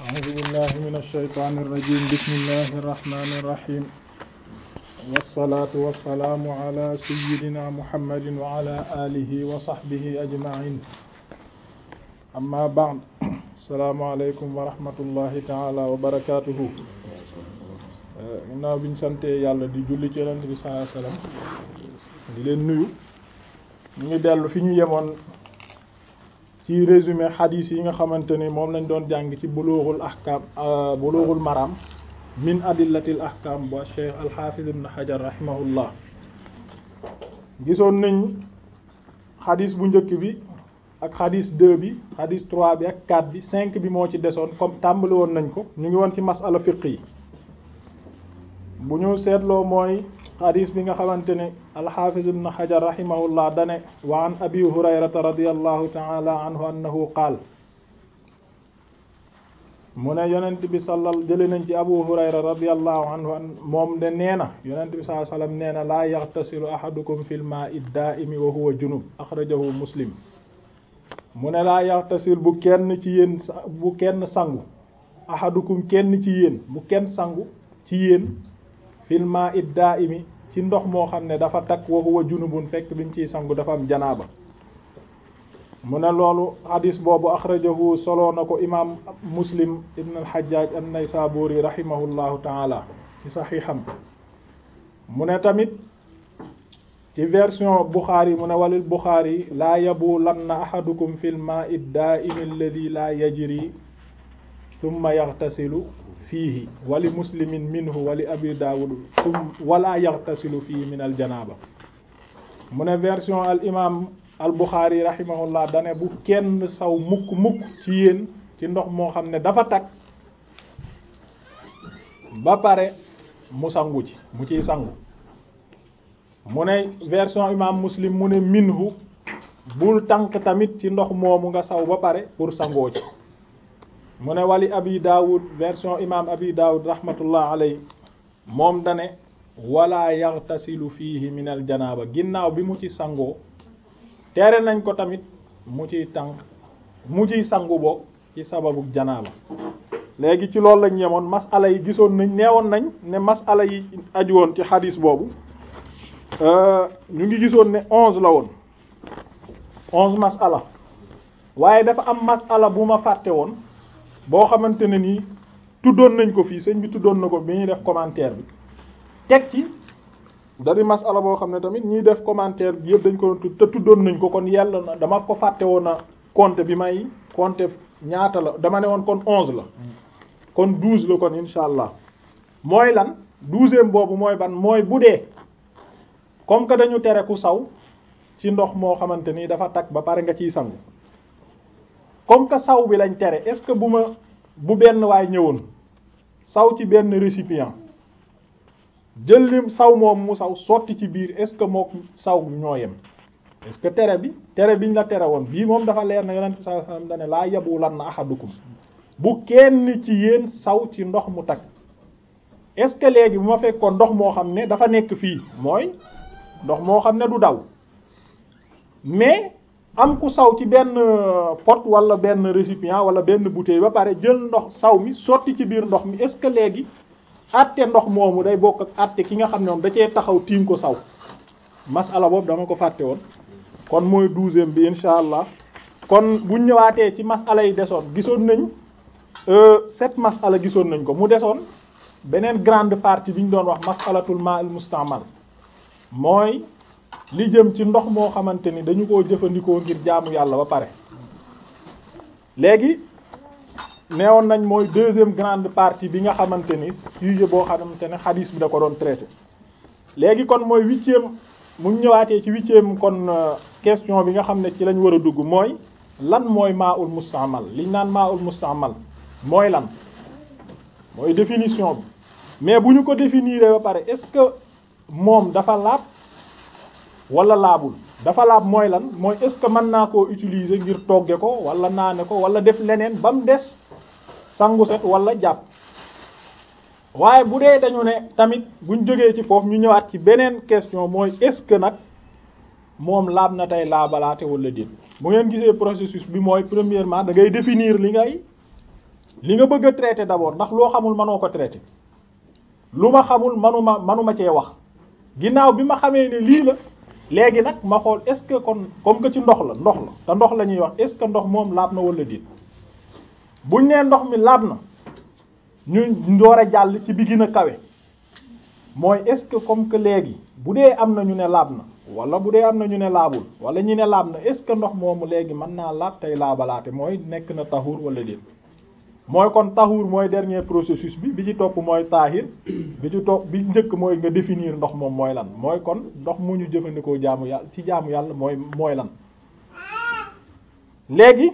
أعوذ بالله من الشيطان الرجيم بسم الله الرحمن الرحيم والصلاة والسلام على سيدنا محمد وعلى آله وصحبه أجمعين أما بعد السلام عليكم ورحمة الله تعالى وبركاته ginnaaw bi ñu santee yàlla di julli ci yonent bi sallallahu alayhi wasallam di leen nuyu ñu ngi dellu fi ñu yemoon ci résumé xadiis yi nga xamante ni moom lañ doon jàng ci bulughul ahkam euh, bulughul maram min adillatil ahkam ba cheikh alxaafis ibn hajar rahimahullah gisoon nañ xadiis bu njëkk bi ak xadiis 2 bi xadiis 3 bi ak 4 bi 5 bi moo ci desoon comme tàmbali woon nañ ko ñu ngi woon ci masala fiq yi bu ñu seetloo mooy xadis bi nga xamante ne alxaafis ibn xajar rahimahullah dane wa abi hurayrata radiallahu taala qaal mu ne yonent bi salal jële nañ ci abu hurayra radiallahu anhu moom de nee na yonent bi salai nee na laa yaxtasilu ahadukum fil maa'i daa'imi wa huwa junub axrajahu muslim mu ne laa yaxtasil bu kenn ci yéen bu kenn sangu ahadukum kenn ci yéen bu kenn sangu ci yéen filma it daa imi ci ndox moo xam ne dafa takk wa huwa junubun fekk bi mu ciy sangu dafa am janaaba mu ne loolu hadis boobu axrajahu soloo na ko imaam muslim ibn al-Hajjaj an-Naysaburi rahimahullahu taala ci saxiixam mu ne tamit ci version Bukhari mu ne walil Bukhari laa yabulanna ahadukum fil maa'i daa'imi alladhi laa yajri summa yaxtasilu fiihi wali muslimin minhu wali abi daawud sum wala yaxtasilu fiihi min al janaaba mu ne version al imaam al buxaari rahimahullah dane bu kenn saw mukk mukk ci yéen ci ndox moo xam ne dafa tag ba pare mu sangu ci mu ciy sangu mu ne version imaam muslim mu ne minhu bul tànk tamit ci ndox moomu nga saw ba pare pour sangoo ci mu ne wali abi daawud version imam abi daawud rahmatullah alay moom dane wala yaxtasilu fii minal al janaaba ginnaaw bi mu ci sangoo tere nañ ko tamit mu ciy tànk mu ciy sangu boog ci sababu janaaba léegi ci loolu lañ yemoon masala yi gisoon nañ neewoon nañ ne masala yi aju woon ci xadiis boobu euh, ñu ngi gisoon ne onze la woon onze masala waaye dafa am masala bu ma fàtte woon boo xamante ne nii tuddoon nañ ko fii sëñ bi tuddoon na ko bi ñuy def commentaire bi teg ci dari masala boo xam ne tamit ñuy def commentaire bi yëpp dañ ko doon tudd te tuddoon nañ ko kon yàlla na dama ko fàtte woon na compte bi may compte ñaata la dama ne woon kon onze la mm. kon douze la kon insha allah mooy lan douzième boobu mooy ban mooy bu dee comme que dañu tere ku saw ci ndox moo xamante ni dafa takk ba pare nga ciy sangu comme que saw bi lañ tere est-ce que bu ma bu benn waay ñëwoon saw ci benn récipient jël li saw moom mu saw sotti ci biir est-ce que mook saw bu ñoo yem est-ce que tere bi tere biñ la tere woon bii moom dafa leer na yonent bi sallallahu alayhi wasallam laa yabu lan na bu kenn ci yéen saw ci ndox mu takk est-ce que léegi bu ma fekkoon ndox moo xam ne dafa nekk fii mooy ndox moo xam ne du daw mais am ku saw ci benn euh, pot wala benn récipient wala benn bouteille ba pare jël ndox saw mi sotti ci biir ndox mi est-ce que léegi àtte ndox moomu day bokk ak àtte ki nga xam ne moom da cee taxaw tiim ko saw masala boobu dama ko fàtte woon kon mooy douzième bi insha allah kon bu ñëwaatee ci masala yi desoon gisoon nañ cette euh, masala gisoon nañ ko mu desoon beneen grande partie bi ñu doon wax masalatul ma'il mustamal mooy li jëm ci ndox moo xamante ni dañu koo jëfandikoo ngir jaamu yàlla ba pare léegi neewoon nañ mooy deuxième grande partie bi nga xamante ni sujet boo xamante ne xadiis bi da ko doon traité léegi kon mooy huitième mu ñëwaatee ci huitième kon euh, question bi nga xam ne ci lañ war a dugg mooy lan mooy maaul mustaamal liñ naan maaul mustaamal mooy lan mooy définition bi mais bu ñu ko définir ba pare est-ce que moom dafa laab wala laabul dafa laab mooy lan mooy est-ce que mën naa koo utiliser ngir togge ko wala naane ko wala def leneen ba mu des sangu set wala jàpp waaye bu dee dañu ne tamit buñ jógee ci foofu ñu ñëwaat ci beneen question mooy est-ce que nag moom laab na tey laabalaate wala déet bu ngeen gisee processus bi mooy premièrement da ngay définir li ngay li nga bëgg a traiter d'abord ndax loo xamul mënoo ko traiter lu ma xamul manuma manuma cee wax ginnaaw bi ma xamee ne lii la léegi nag ma xool est-ce que kon comme que ci ndox la ndox la te ndox la ñuy wax est-ce que ndox moom laab na wala déet buñ nee ndox mi laab na ñu door a jàll ci bi gën a kawe mooy est-ce que comme que léegi bu dee am na ñu ne laab na wala bu dee am na ñu ne laabul wala ñu ne laab na est-ce que ndox moomu léegi mën naa laab tey laabalaate mooy nekk na taxur wala déet mooy kon taxuur mooy dernier processus bi bi ci topp mooy taahir bi ci topp bi njëkk mooy nga définir ndox moom mooy lan mooy kon ndox mu ñu jëfandikoo jaamu yàlla ci jaamu yàlla mooy mooy lan léegi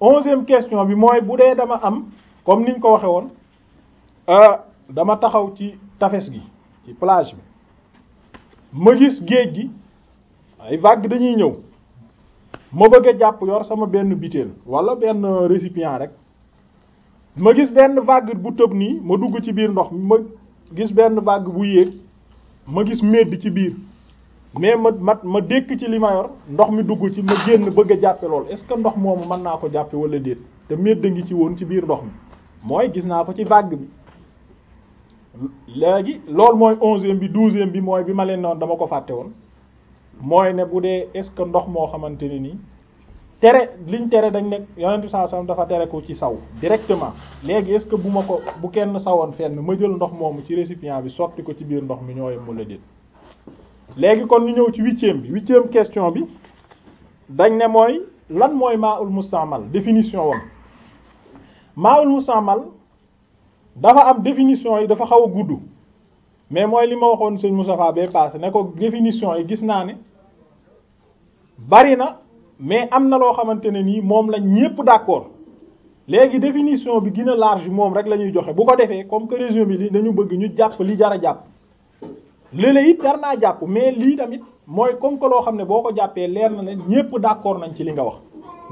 onzième question bi mooy bu dee dama am comme ni ñu ko waxe woon euh, dama taxaw ci tafes gi ci plage bi ma gis géej gi ay vagues dañuy ñëw ma bëgg jàpp yor sama benn butéel wala benn récipient rek ma gis benn vague bu tëb nii ma dugg ci biir ndox ma gis benn vague bu yéeg ma gis medd ci biir mais ma ma ma dékk ci li ma yor ndox mi dugg ci ma génn bëgg a jàppe lool est-ce que ndox moomu man naa ko jàppe wala déet te medd ngi ci woon ci biir ndox mi mooy gis naa ko ci vague bi léegi loolu mooy onzième bi douzième bi mooy bi ma leen noonu dama ko fàtte woon mooy ne bu dee est-ce que ndox moo xamante ne nii tere liñ tere dañ nekk yonent bi sallallahu dafa tere ko ci saw directement léegi est-ce que bu ma ko bu kenn sawoon fenn ma jël ndox moomu ci récipient bi sotti ko ci biir ndox mi ñooyem mu la déet léegi kon ñu ñëw ci huitième bi huitième question bi dañ ne mooy lan mooy maa'ul mustamal définition wam maa'ul mustamal dafa am définition yi dafa xaw a gudd mais mooy li ma waxoon sëñ Moustapha ba passé ne ko définition yi gis naa ne bari na mais am na loo xamante ne nii moom la ñépp d'accord léegi définition bi gën a large moom rek la ñuy joxe bu ko defee comme que résumé bi li dañu bëgg ñu jàpp li jar a jàpp léeg-léeg naa jàpp mais lii tamit mooy comme que loo xam ne boo ko jàppee leer na ne ñépp d'accord nañ ci li nga wax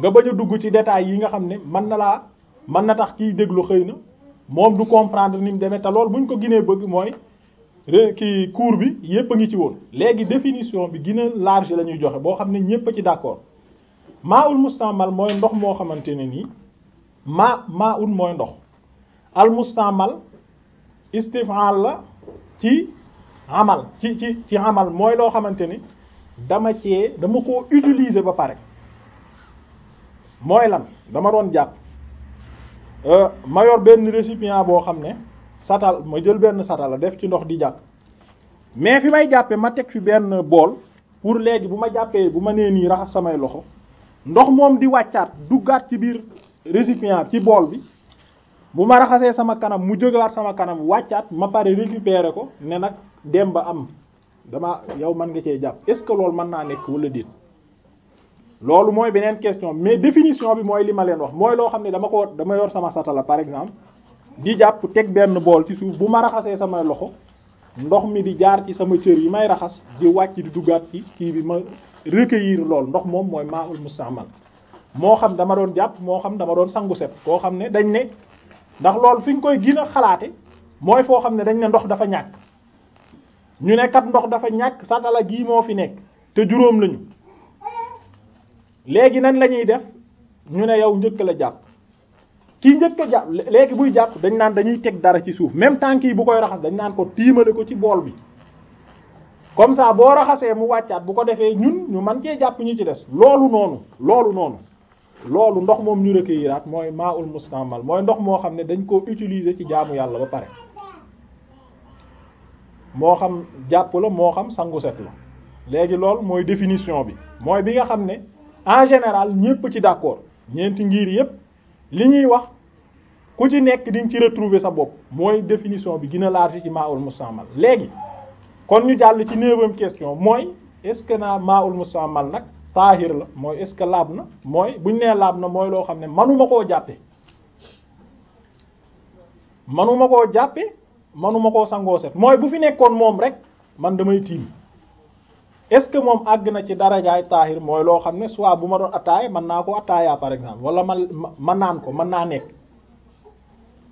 nga bañ a dugg ci détails yi nga xam ne man na laa mën na tax kiy déglu xëy na moom du comprendre ni mu demee te loolu ñu ko ginee bëgg mooy ki cours bi yépp a ngi ci woon léegi définition bi gën a large la ñuy joxe boo xam ne ñépp a ci d'accord maa ul mustaamal mooy ndox moo xamante ne nii maa maa ul mooy ndox al mustaamal istifal la ci amal ci ci ci amal mooy loo xamante ni dama cee dama ko utiliser ba pare mooy lan dama doon jàpp euh, ma yor benn récipient boo xam ne satal ma jël benn satala def ci ndox di jàpp mais fi may jàppee ma teg fi benn bool pour léegi bu ma jàppee bu ma nee nii raxas samay loxo ndox moom di wàccaat duggaat ci biir récipient ci bool bi bu ma raxasee sama kanam mu jógewaat sama kanam wàccaat ma pare récupérer ko ne nag dem ba am dama yow man nga cee jàpp est-ce que loolu mën naa nekk walla déet loolu mooy beneen question mais définition bi mooy li ma leen wax mooy loo xam ne dama ko dama yor sama satala par exemple di jàpp teg benn bool ci suuf bu ma raxasee samay loxo ndox mi di jaar ci sama cër yi may raxas di wàcc di duggaat ci kii bi ma recueillir lool ndox moom mooy maa ul musta'mal moo xam dama doon jàpp moo xam dama doon sangu set koo xam ne dañ ne ndax loolu fi ñu koy gën a xalaate mooy foo xam ne dañ ne ndox dafa ñàkk ñu ne kat ndox dafa ñàkk satala gii moo fi nekk te juróom lañu léegi nan lañuy def ñu ne yow njëkk la jàpp ki njëkk a jàpp léegi buy jàpp dañ naan dañuy teg dara ci suuf même tànk yi bu koy raxas dañ naan ko tiimale ko ci bool bi comme ça boo raxasee mu wàccaat bu ko defee ñun ñu man cee jàpp ñu ci des loolu noonu loolu noonu loolu ndox moom ñu recueillir mooy maa maaul mustamal mooy ndox moo xam ne dañ koo utiliser ci jaamu yàlla ba pare moo xam jàpp la moo xam sangu set la léegi loolu mooy définition bi mooy bi nga xam ne en général ñépp ci d'accord ñeenti ngir yépp li ñuy wax ku ci nekk diñ ci retrouver sa bopp mooy definition bi gën a large ci maaul mustamal léegi kon ñu jàll ci neuvième question mooy est-ce que naa maaul musammal nag taahir la mooy est-ce que laab na mooy bu buñ nee laab na mooy loo xam ne manuma koo jàppe manuma ko jàppe manuma koo sangoo set mooy bu fi nekkoon moom rek man damay tiim est-ce que moom àgg na ci darajaay taahir mooy loo xam ne soit bu ma doon attaaya mën naa ko attaaya par exemple wala man ma naan ko mën naa nekk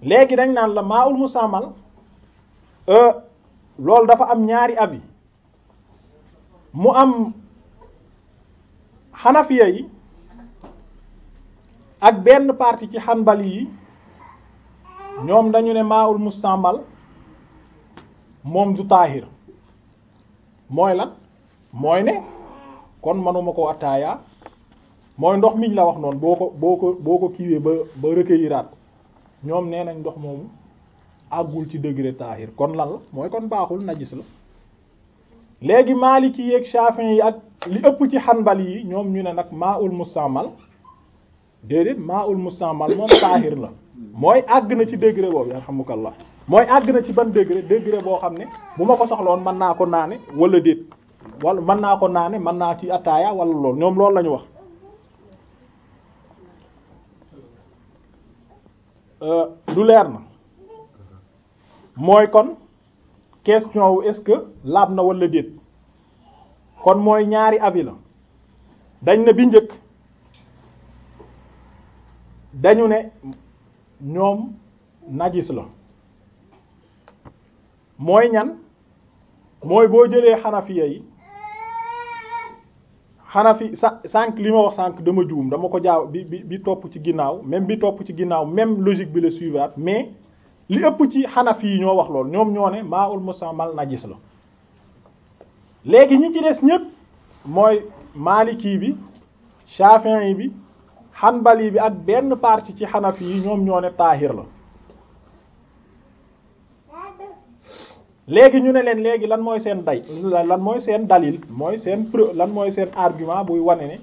léegi dañ naan la maa ul loolu dafa am ñaari abi mu am xanafiya yi ak benn parti ci xanbali yi ñoom dañu ne maaul mustambal moom du taahir mooy la mooy ne kon manuma ko attaaya mooy ndox miñ la wax noon boo ko boo ko boo ko kiiwee ba ba recueilliraat ñoom nee nañ ndox moomu àggul ci degré tahir kon lal la mooy kon baaxul najis la léegi maa maliki yi ak shafi'i yi ak li ëpp ci hanbali yi ñoom ñu ne nag maa maa'ul mustamal déedéet maa'ul mustamal moom tahir la mooy àgg na ci degré boobu yarhamukallah mooy àgg na ci ban degré degré boo xam ne bu ma ko soxlawoon mën naa ko naane wala déet wala mën naa ko naane man naa ci ataaya wala lool ñoom loolu la wax euh, du leer na mooy kon question wu est-ce que laab na walla déet kon mooy ñaari avis la dañ ne bi njëkk dañu ne ñoom najis la mooy ñan mooy boo jëlee xanafiya yi xanafi sa sànq li ma wax sànq dama juum dama ko jaaw bi bi bi topp ci ginnaaw même bi topp ci ginnaaw même logique bi la suivre mais li ëpp ci xanafi yi ñoo wax lool ñoom ñoo ne maa ul mustamal najis la léegi ñi ci des ñépp mooy maliki bi shafi'i bi hanbali bi ak benn partie ci xanafi yi ñoom ñoo ne taahir la léegi ñu ne leen léegi lan mooy seen day lan mooy seen dalil mooy seen preuve lan mooy seen argument buy wane ne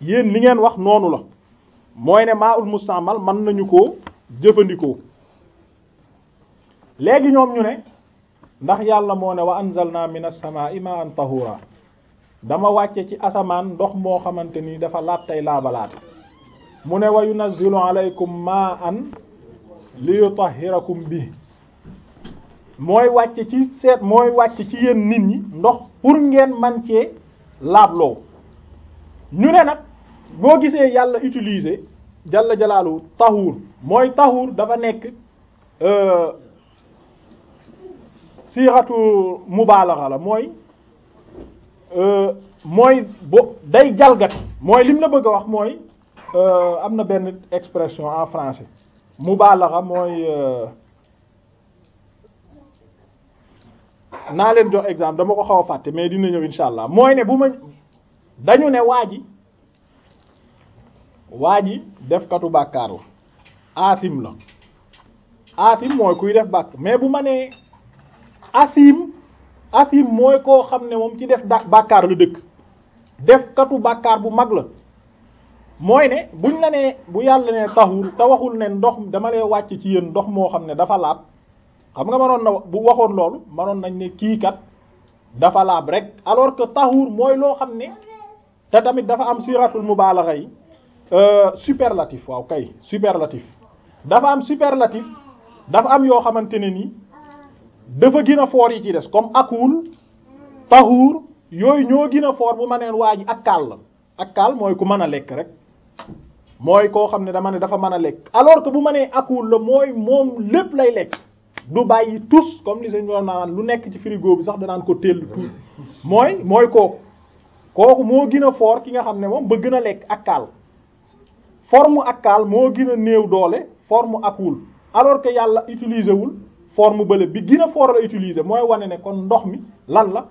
yéen li ngeen wax noonu la mooy ne maa ul mustamal mën nañu ko jëfandikoo léegi ñoom ñu ne ndax yàlla moo ne wa anzalna minas samaa'i ma'an tahura dama wàcce ci asamaan ndox moo xamante ni dafa laat tey laabalaate mu ne wa yunazzilu alaykum ma'an liyutahhirakum bi mooy wàcce ci seet mooy wàcce ci yéen nit ñi ndox pour ngeen man cee laabloo ñu ne nag boo gisee yàlla utilise jalla jalaalu tahuur mooy tahuur dafa nekk euh, siixatu mubaalaxa la mooy euh, mooy bo day jalgati mooy lim la bëgg a wax mooy euh, am na benn expression en français mubaalaxa mooy euh, naa leen jox exemple dama ko xaw a fàtte mais dina ñëw insha allah mooy ne bu ma dañu ne waa ji waa ji defkatu bàkkaar la aasim la aasim mooy kuy def bàkk mais bu ma nee asim asim mooy koo xam ne moom ci def da bàkkaar la dëkk def katu bàkkaar bu mag la mooy ne buñ la nee bu yàlla ne taxul te waxul ne ndox dama lay wàcc ci yéen ndox moo xam ne dafa laab xam nga mënoon na bu waxoon loolu mënoon nañ ne kii kat dafa laab rek alors que taxuur mooy loo xam ne te tamit dafa am siratul mubalagha yi euh, superlatif waaw kay superlatif dafa am superlatif dafa am yoo xamante ne nii dafa gën foor yi ci des comme akul taxuur yooyu ñoo gën a foor bu ma neen waa ji kaal la kaal mooy ku mën a lekk rek mooy koo xam ne dama ne dafa mën a lekk alors que bu ma nee akul la mooy moom lépp lay lekk du bàyyi tous comme li sañ doon naan lu nekk ci frigo bi sax danaan ko teel tuut mooy mooy kooku kooku moo gën a foor ki nga xam ne moom bëgg na lekk ak mu ak akkaal moo gën a néew doole foor forme akul alors que yàlla utiliser wul forme bële bi gën a fort la utiliser mooy wane ne kon ndox mi lan la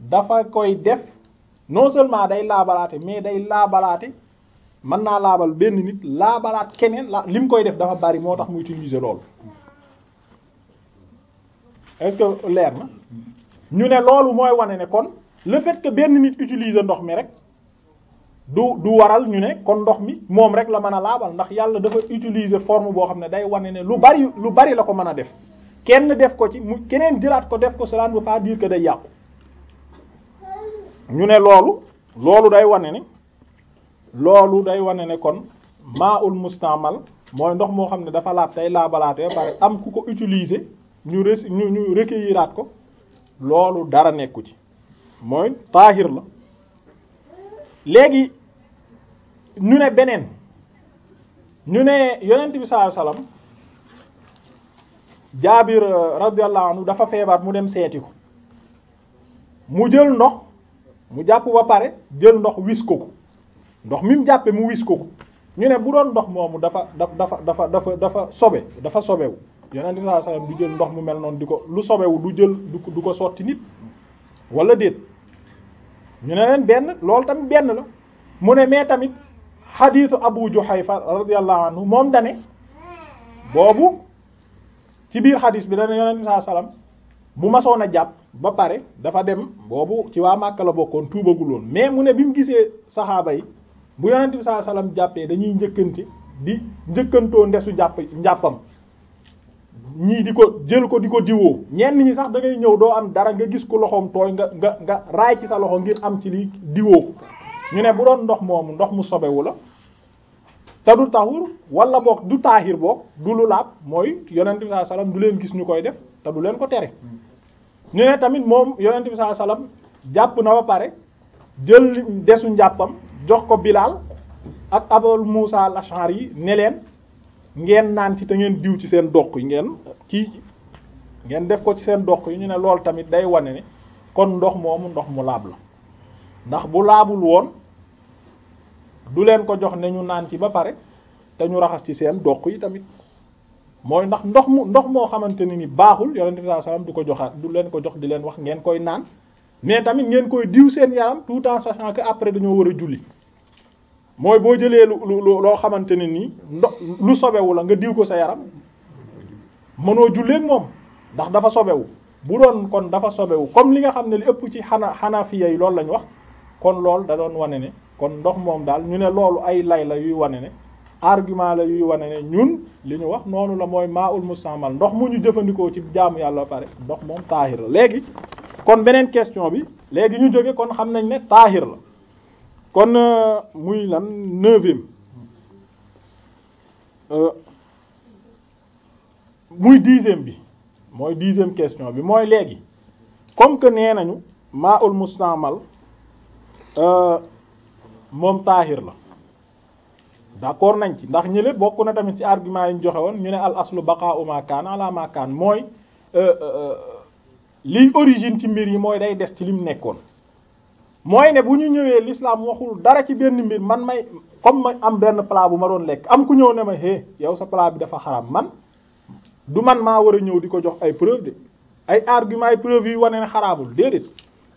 dafa koy def non seulement day laabalaate mais day laabalaate mën naa laabal benn nit laabalaat keneen la lim koy def dafa bari moo tax mu utiliser loolu est leer na ñu ne loolu mooy wane ne kon le fait que benn nit utiliser ndox mi rek du du waral ñu ne kon ndox mi moom rek la mën a laabal ndax yàlla dafa utiliser forme boo xam ne day wane ne lu bari lu bari la ko mën a def kenn def ko ci mu keneen jëlaat ko def ko cela ne veut pas dire que day yàqu ñu ne loolu loolu day wane ne loolu day wane ne kon maa ul mustamal mooy ndox moo xam ne dafa laab tey laabalaatee pare am ku ko utiliser ñu re ñu ñu recueilliraat ko loolu dara nekku ci mooy taahir la léegi ñu ne beneen ñu ne yonent bi sallallahu alayhi jaabir euh, radiyallahu anhu dafa feebar mu dem seeti ko mu jël ndox mu jàpp ba pare jël ndox wis ko ndox mi mu jàppe mu wis ko ñu ne bu doon ndox moomu dafa dafa dafa dafa dafa sobe dafa sobewu yonent sallallahu alayhi wasallam du jël ndox mu mel noonu di ko lu sobewu du jël du ko sotti nit walla déet ñu ne leen benn loolu tamit benn la mu ne mais tamit xadiisu Abu Juhayfa radiyallahu anhu moom dane boobu ci biir xadis bi dana yonent bi saa salaam bu masoon a jàpp ba pare dafa dem boobu ci waa Màkka la bokkoon tuubagu tuubaguloon mais mu ne bi mu gisee saxaaba yi bu yonent bi saa salaam jàppee dañuy njëkkanti di njëkkantoo ndesu jàpp njàppam ñii di ko jël ko di ko diwoo ñenn ñi sax da ñëw doo am dara nga gis ku loxoom tooy nga nga nga raay ci sa loxo ngir am ci li diwoo ñu ne bu doon ndox moomu ndox mu sobewu la te du taxur wala boog du taahir book du lu laab mooy yonent bi sallallahu du leen gis ñu koy def te du leen ko tere ñu ne tamit moom yonent bi sallallahu jàpp na ba pare jël desu njàppam jox ko Bilaal ak Abul Muusa al-Ash'ari yi ne leen ngeen naan ci te ngeen diw ci seen doq yi ngeen kii ngeen def ko ci seen doq yi ñu ne loolu tamit day wane ne kon ndox moomu ndox mu laab la ndax bu laabul woon du leen ko jox ne ñu naan ci ba pare te ñu raxas ci seen doq yi tamit mooy ndax ndox mu ndox moo xamante ne ni baaxul yonent bi sallam du ko joxaat du leen ko jox di leen wax ngeen koy naan mais tamit ngeen koy diw seen yaram tout en sachant que après dañoo war a julli mooy boo jëlee lu lu loo xamante ne ni ndox lu sobewu la nga diw ko sa yaram mënoo julleek moom ndax dafa sobewu bu doon kon dafa sobewu comme li nga xam ne li ëpp ci xana xanafiya yi loolu lañ wax kon loolu da wane ne kon ndox moom daal ñu ne loolu ay lay la yuy wane ne argument la yuy wane ne ñun li ñu wax noonu la mooy maa ul mustamal ndox mu ñu jëfandikoo ci jaamu yàlla pare ndox moom taahir la léegi kon beneen question bi léegi ñu jóge kon xam nañ ne taahir la kon euh, muy lan neuvième euh, muy dixième bi mooy dixième question bi mooy léegi comme que nee nañu maa ul mustamal euh, moom taahir la d'accord nañ ci ndax ñële bokk na tamit ci argument yi ñu joxe woon ñu ne al aslu baqa'u ma kana ala ma kan mooy euh, euh, euh, liy origine ci mbir yi mooy day des ci mu nekkoon mooy ne bu ñu ñëwee lislaam waxul dara ci benn mbir man may comme ma am benn plat bu ma doon lekk am ku ñëw ne ma hé yow sa plat bi dafa xaram man du man maa war a ñëw di ko jox ay preuve de ay argument ay preuve yu wane ne xaraamul déedéet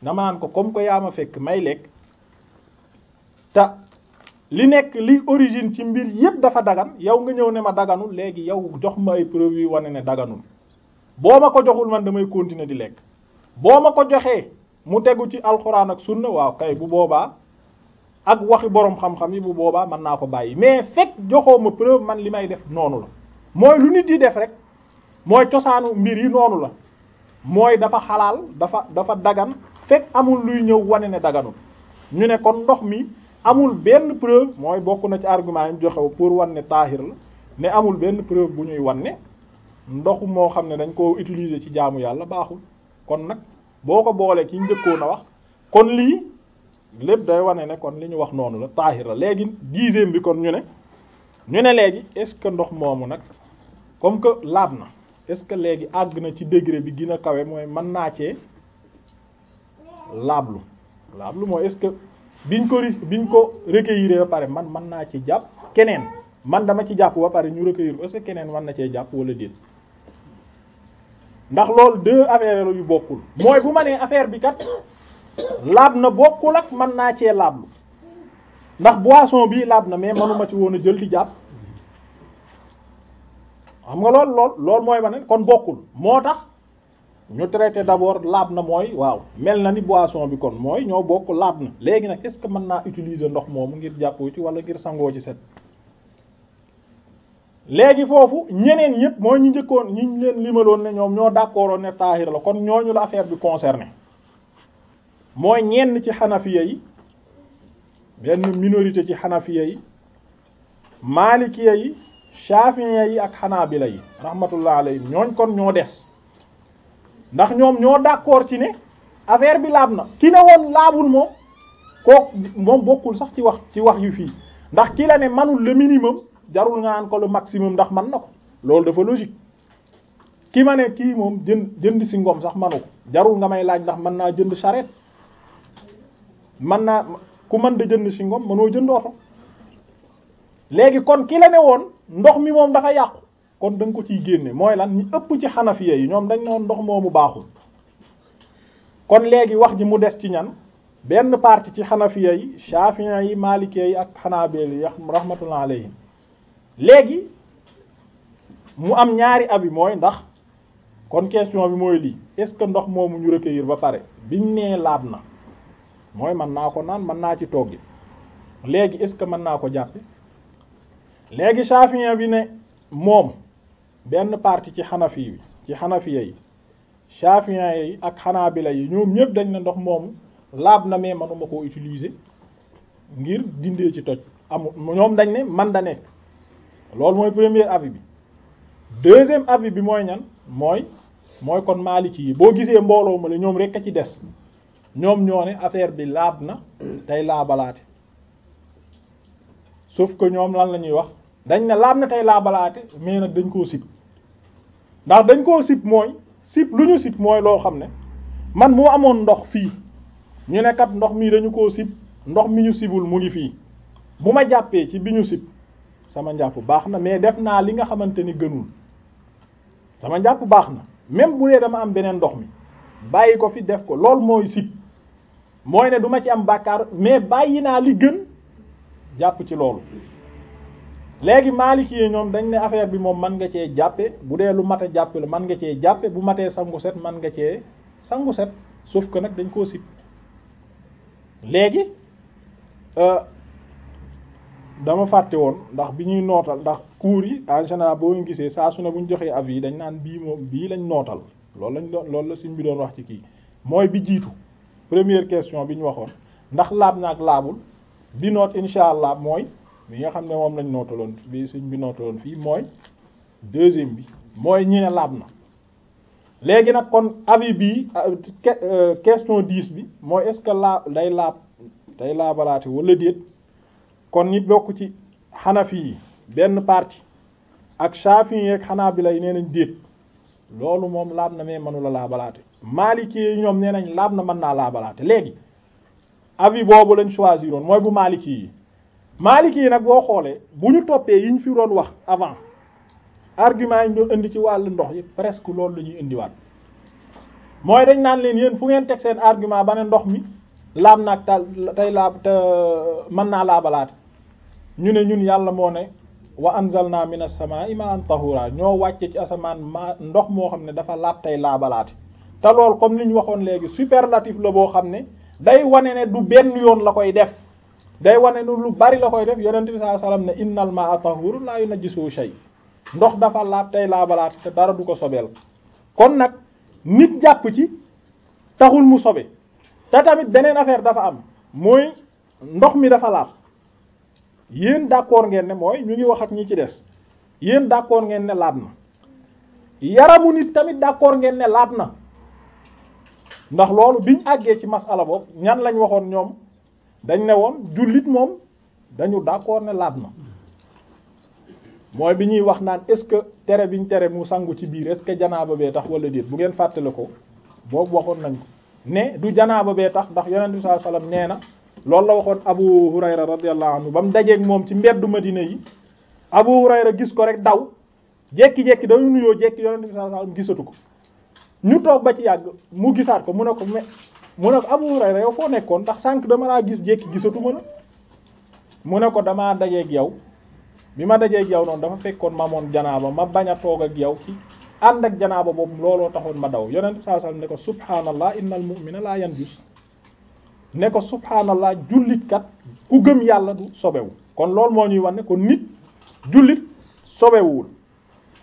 dama naan ko comme que yaa ma fekk may lekk te li nekk li origine ci mbir yépp dafa dagan yow nga ñëw ne ma daganu léegi yow jox ma ay preuve yi wane ne daganul boo ma ko joxul man damay continuer di lekk boo ma ko joxee mu tegu ci alxuraan ak sunna waaw kay bu boobaa ak waxi borom xam-xam yi bu boobaa mën naa ko bàyyi mais fekk joxoo ma preuve man li may def noonu la mooy lu nit di def rek mooy cosaanu mbir yi noonu la mooy dafa xalaal dafa dafa dagan fekk amul luy ñëw wane ne daganul ñu ne mi amul benn preuve mooy bokk na ci argument yi ñu joxe pour wan ne taahir la ne amul benn preuve bu ñuy wan ne ndox moo xam ne dañ koo utiliser ci jaamu yàlla baaxul kon nag boo ko boolee ki njëkkoon a wax kon lii lépp day wane ne kon li ñu wax noonu la taahir la léegi dixième bi kon ñu ne ñu ne léegi est-ce que ndox moomu nag comme que laab na est-ce que léegi àgg na ci degré bi gën a kawe mooy man naa cee laablu laablu mooy est-ce que. biñ ko ri biñ ko recueillir ba pare man mën naa ci jàpp keneen man dama ci jàpp ba pare ñu recueillir parce que keneen mën na cee jàpp wala déet ndax lool deux affaires yu bokkul mooy bu ma nee affaire bi kat laab na bokkul ak mën naa cee laablu ndax boisson bii laab na mais manuma ci woon a jël di jàpp xam nga lool lool lool mooy ma ne kon bokkul moo tax ñu traité d'abord laab na mooy waaw mel na ni boisson bi kon mooy ñoo bokk laab na léegi nag est-ce que mën naa utiliser ndox moomu ngir jàppoo ci wala ngir sangoo ci set léegi foofu ñeneen ñëpp mooy ñu njëkkoon ñi leen limaloon ne ñoom ñoo d'accord ne taahir la kon ñooñu la affaire bi concerné mooy ñenn ci xanafiya yi benn minorité ci xanafiya yi maalikiya yi shafiya yi ak xanaa bila yi rahmatullah alayhi ñooñ kon ñoo des ndax ñoom ñoo d'accord ci ne affaire bi laab na ki ne woon laabul moom kooku moom bokkul sax ci wax ci wax yu fii ndax ki la ne manul le minimum jarul nga naan ko le maximum ndax man na ko loolu dafa logique ki ma ne kii moom jënd jënd si ngom sax manu ko jarul nga may laaj ndax mën naa jënd charrette mën naa ku mën da jënd si ngom manoo jënd oto léegi kon ki la ne woon ndox mi moom dafa yàqu kon dañ ko ci génne mooy lan ñi ëpp ci xanafiya yi ñoom dañ noon ndox moomu baaxul kon léegi wax ji mu des ci ñan benn partie ci xanafiya yi shafiya yi malikiya yi ak xanaabeel yi rahmatullah alayhim léegi mu am ñaari abi mooy ndax kon question bi mooy lii est-ce que ndox moomu ñu recueillir ba pare biñ nee laab na mooy man naa ko naan mën naa ci togg léegi est-ce que mën naa ko jàppe léegi shafiya bi ne moom benn parti ci xanafi yi ci xanafiya yi chafiya yi ak xanaabila yi ñoom ñëpp dañ ne ndox moomu laab na mais manuma ko utiliser ngir dindee ci toj amul ñoom dañ ne man da nekk loolu mooy premier avis bi deuxième avis bi mooy ñan mooy mooy kon maaliki yi boo gisee mbooloo ma la ñoom rek a ci des ñoom ñoo ne affaire bi laab na tey laabalaate sauf que ñoom lan la ñuy wax dañ ne laab na tey laabalaate mais nag dañ koo sib ndax dañ koo sib mooy sib lu ñu sib mooy loo xam ne man mu amoon ndox fii ñu ne ndox mii dañu koo sib ndox mi ñu sibul mu ngi fii bu ma jàppee ci bi ñu sib sama njàpp baax na mais def naa li nga xamante ni gënul sama njàpp baax na même bu dee dama am beneen ndox mi bàyyi ko fi def ko lool mooy sib mooy ne du ci am bàkkaar mais bàyyi naa li gën jàpp ci loolu léegi maaliki yi ñoom dañ ne affaire bi moom man nga cee jàppe bu dee lu mat a jàppe la mën nga cee jàppe bu matee sangu set man nga cee sangu set sauf que nag dañ koo sib léegi euh, dama fàtte woon ndax bi ñuy nootal ndax cours yi en général boo ñu gisee saa su ne bu ñu joxee avis yi dañ naan bii moom bii lañ nootal loolu lañ doon loolu la suñ bi doon wax ci kii mooy bi jiitu première question bi ñu waxoon ndax laab naag laabul bi noot incha allah mooy bi nga xam ne moom lañ nootaloon bi suñ bi nootaloon fii mooy deuxième bi mooy ñi ne laab na léegi nag kon avis bi euh, question dix bi moo est-ce que laab day laab day laabalaate wala déet kon ñi bokk ci xanafi yi benn partie ak Shafi'i xanaa bi lay nee nañ déet loolu moom laab na mais mënula laabalaate Maliki yi ñoom nee nañ laab na mën naa laabalaate léegi avis boobu lañ choisiroon mooy bu Maliki yi Maliki yi nag boo xoolee bu ñu toppee yi ñu fi doon wax avant argument yi ñu doon indi ci wàllu ndox yi presque loolu la ñuy indiwaat mooy dañ naan leen yéen fu ngeen teg seen argument ba ne ndox mi laab naag ta tey laab te mën naa laabalaat ñu ne ñun yàlla moo ne wa anzalna minas samaa'i ma'an tahura ñoo wàcce ci asamaan ma ndox moo xam ne dafa laab tey laabalaate te lool comme li ñu waxoon léegi superlatif la boo xam ne day wane ne du benn yoon la koy def day wane nu lu bari la koy def yonent bi sallallahu alayhi wasallam ne innal ma'a tahurun la yunajjisu shay ndox dafa laab tey laabalaat te dara du ko sobeel kon nag nit jàpp ci taxul mu sobe te tamit beneen affaire dafa am mooy ndox mi dafa laab yéen d'accord ngeen ne mooy ñu ngi wax ak ñi ci des yéen d'accord ngeen ne laab na yaramu nit tamit d'accord ngeen ne laab na ndax loolu biñ àggee ci masala boobu ñan lañ waxoon ñoom dañ ne woon jullit moom dañu d'accord ne laab ma mooy bi ñuy wax naan est-ce que tere biñ tere mu sangu ci biir est-ce que janaaba bee tax wala déet bu ngeen fàttale ko boobu waxoon nañ ko ne du janaaba bee tax ndax yonent bi sallallahu nee na loolu la waxoon Abu Hurayra radiyallahu anhu ba mu dajeeg moom ci mbeddu Madina yi Abu Hurayra gis ko rek daw jekki-jekki dañu nuyoo jekki yonent bi gisatu ko ñu toog ba ci yàgg mu gisaat ko mu ne ko me mu ne ko Abu Hurayra yow foo nekkoon ndax sànq dama laa gis jékki gisatuma la mu ne ko damaa dajeeg yow bi ma dajeeg yow noonu dafa fekkoon ma moon janaaba ma bañ a toog ak yow ci ànd ak janaaba boobu looloo taxoon ma daw yeneen saa sallam ne ko subhaanallah innal mu'mina la yanjus ne ko subhaanallah jullit kat ku gëm yàlla du sobewu kon loolu moo ñuy wan ne ko nit jullit sobewuwul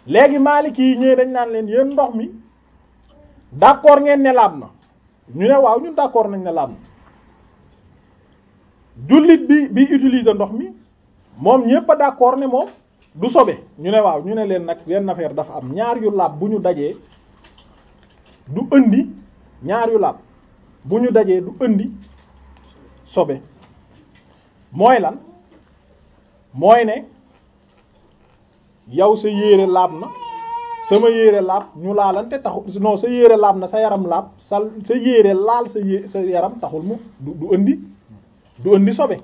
léegi maaliki yi ñëwee dañ naan leen yéen ndox mi d'accord ngeen ne laab na ñu ne waaw ñun d'accord nañ ne laab jullit bi bi utiliser ndox mi moom ñépp a d'accord ne moom du sobe ñu ne waaw ñu ne leen nag leen affaire dafa am ñaar yu laab bu ñu dajee du indi ñaar yu bu ñu dajee du indi sobe mooy lan mooy ne yow sa yére laab na sama yére laab ñu laalante taxu non sa yére laab na sa yaram laab sal sa yére laal sa yé sa yaram taxul mu du indi du indi sobe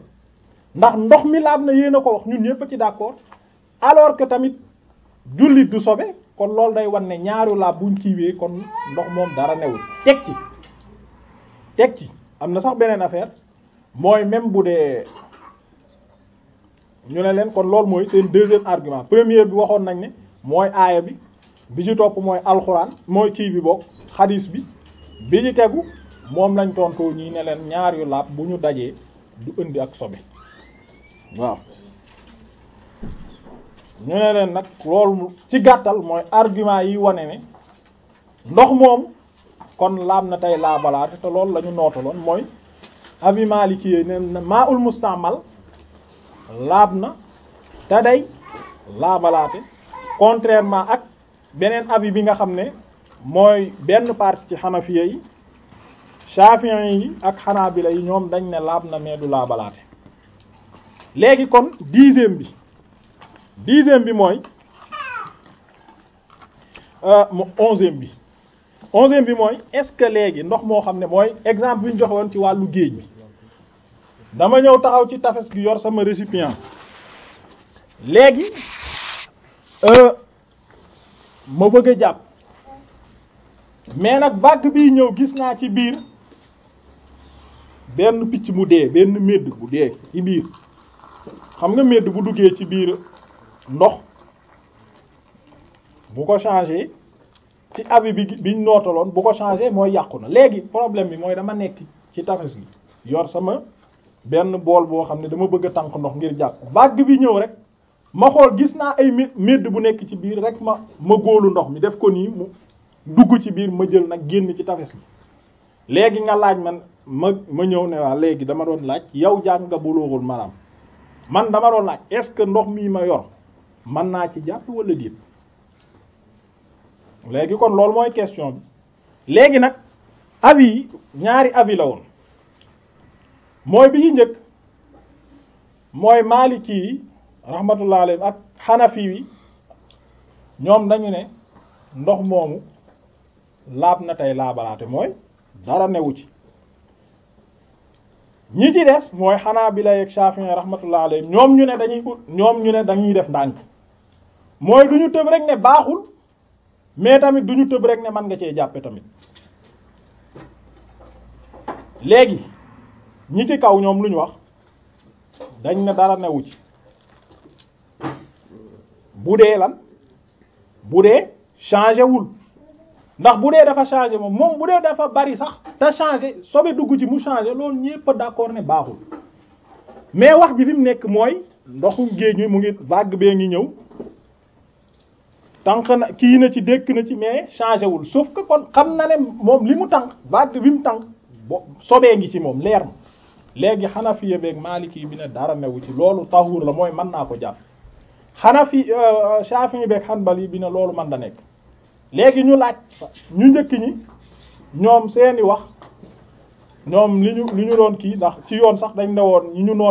ndax ndox mi laab na yéen a ko wax ñun a ci d'accord alors que tamit jullit du sobe kon loolu day wan ne ñaaru laab buñ kiiwee kon ndox moom dara newul teg ci teg ci am na sax beneen affaire mooy même bu dee ñu ne leen kon loolu mooy seen deuxième argument première bi waxoon nañ ne mooy aaya bi bi ci topp mooy alxuraan mooy kii bi bokk xadiis bi bi ñu tegu moom lañ tontoo ñi ne leen ñaar yu laab bu ñu dajee du indi ak sobe waaw ñu ne leen nag loolu ci gàttal mooy argument yi wane ne ndox moom kon laab na tey laabalaate te lool lañu ñu nootaloon mooy avis maliki yi ne maa ul mustamal laab na te day laabalaate contrairement ak beneen avis bi nga xam ne mooy benn partie ci xanafiya yi shafi'i yi ak xanaabila yi ñoom dañ ne laab na mais du laabalaate léegi kon dixième bi dixième bi mooy euh, onzième bi onzième bi mooy est-ce que léegi ndox moo xam ne mooy exemple bi ñu ci wàllu géej bi dama ñëw taxaw ci tafes gi yor sama récipient léegi euh, ma bëgg a jàpp mais nag vague bi ñëw gis naa ci biir benn picc mu dee benn médd bu dee ci biir xam nga médd bu duggee ci biir ndox bu ko changé ci abi bi biñ nootaloon bu ko changé mooy yàqu na léegi problème bi mooy dama nekk ci tafes gi yor sama benn bool boo xam ne dama bëgg a tànk ndox ngir jàpp vague bi ñëw rek ma xool gis naa ay médd bu nekk ci biir rek ma ma góolu ndox mi def ko nii mu dugg ci biir ma jël nag génn ci tafes bi léegi nga laaj man ma ma ñëw ne waa léegi dama doon laaj yow jàng nga bulughul maram man dama doon laaj est-ce que ndox mii ma yor mën naa ci jàpp walla déet léegi kon loolu mooy question bi léegi nag avis yi ñaari avis la woon mooy bi ñu njëkk mooy Maliki ci rahmatullah alayhi ak Hanafi wi ñoom dañu ne ndox moomu laab na tey balaate mooy dara newu ci ñi ci des mooy Hanabila ak Shafi'i rahmatullah alayhi ñoom ñu ne dañuy ñoom ñu ne dañuy def ndànk mooy du ñu tëb rek ne baaxul mais tamit du ñu tëb rek ne mën nga cee jàppe tamit léegi ñi ci kaw ñoom lu ñu wax dañ ne dara newu ci bu dee lan bu dee changé wul ndax bu dee dafa changé moom moom bu dee dafa bari sax te changé sobe dugg ci mu changé loolu ñépp a d'accord ne baaxul mais wax ji fi mu nekk mooy ndoxu géej mi mu ngi vague bee ngi ñëw tànq na kii na ci dékk na ci mais changé wul suuf que kon xam na ne moom li mu tànq vague bi mu tànq bo sobee ngi ci moom leer ma léegi Hanafiya beeg Maliki bi ne dara newu ci loolu tahur la mooy mën naa ko xanaa jàpp Hanafi euh, Shafi'i beeg Hanbali bi ne loolu man da nekk léegi ñu laaj ñu njëkk ñi ñoom seeni wax ñoom li ñu li ñu doon kii ndax ci yoon sax dañ ne woon ñi ñu noot